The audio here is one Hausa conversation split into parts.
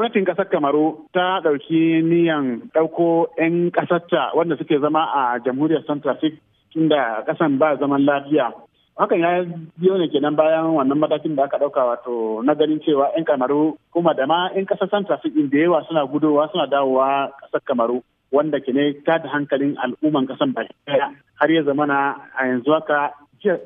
gwamnatin kasar kamaru ta ɗauki niyan ɗauko 'yan kasarta wanda suke zama a jamhuriyar centrafric tunda ƙasan ba zaman lafiya hakan ya biyo ne kenan bayan wannan matakin da aka ɗauka wato na ganin cewa 'yan kamaru kuma da ma 'yan ƙasar centrafric da yawa suna gudowa suna dawowa ƙasar kamaru wanda ke ne ta da hankalin al'umman ƙasar baki har ya zamana a yanzu haka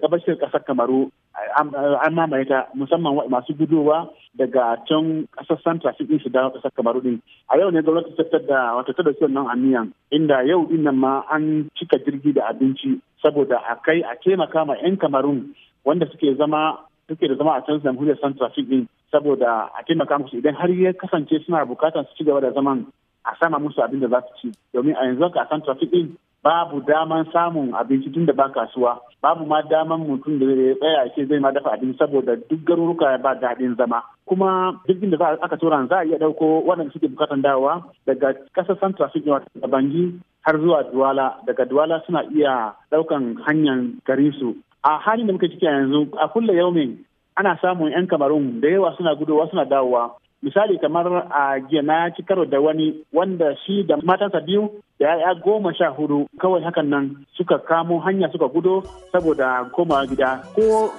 gabashin ƙasar kamaru Eh, an mamaye ta musamman masu gudowa daga can kasar central sun su dawo kasar kamaru din a yau ne gwamnati ta da wata ta da wannan aniyan inda yau din nan ma an cika jirgi da abinci saboda a kai a taimaka ma 'yan kamarun wanda suke zama suke da zama a can jamhuriyar central din saboda a taimaka musu idan har ya kasance suna bukatar su ci gaba da zaman a sama musu abin da za su ci domin a yanzu san central din babu daman samun abinci tun da ba kasuwa babu ma daman mutum da ya tsaya ce zai ma dafa abin saboda duk garuruka ba daɗin zama kuma jirgin da za aka tura za a iya ɗauko waɗanda suke bukatan dawowa daga ƙasar central suke wata bangi har zuwa duwala daga duwala suna iya ɗaukan hanyar garin su. a halin da muke ciki yanzu a kulle yaumin ana samun 'yan kamarun da yawa suna gudowa suna dawowa misali kamar a jiya na ci karo da wani wanda shi da matansa biyu da ya'ya goma sha hudu kawai hakan nan suka kamo hanya suka gudo saboda koma gida ko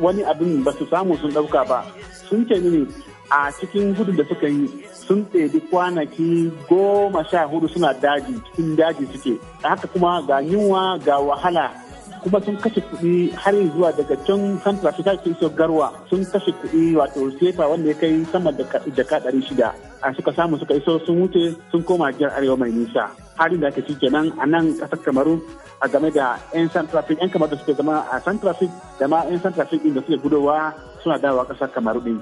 wani abin ba su samu sun ɗauka ba sun ce mini a cikin gudun da suka yi sun tsedi kwanaki goma sha hudu suna daji cikin daji suke haka kuma ga yunwa ga wahala kuma sun kashe kuɗi har zuwa daga can central africa sun iso garwa sun kashe kuɗi wato sefa wanda ya kai sama da jaka ɗari shida a suka samu suka iso sun wuce sun koma jihar arewa mai nisa hali da aka ci kenan a nan ƙasar kamaru a game da 'yan central africa 'yan kamar da suke zama a central africa da ma 'yan central africa da suke gudowa suna dawowa ƙasar kamaru ɗin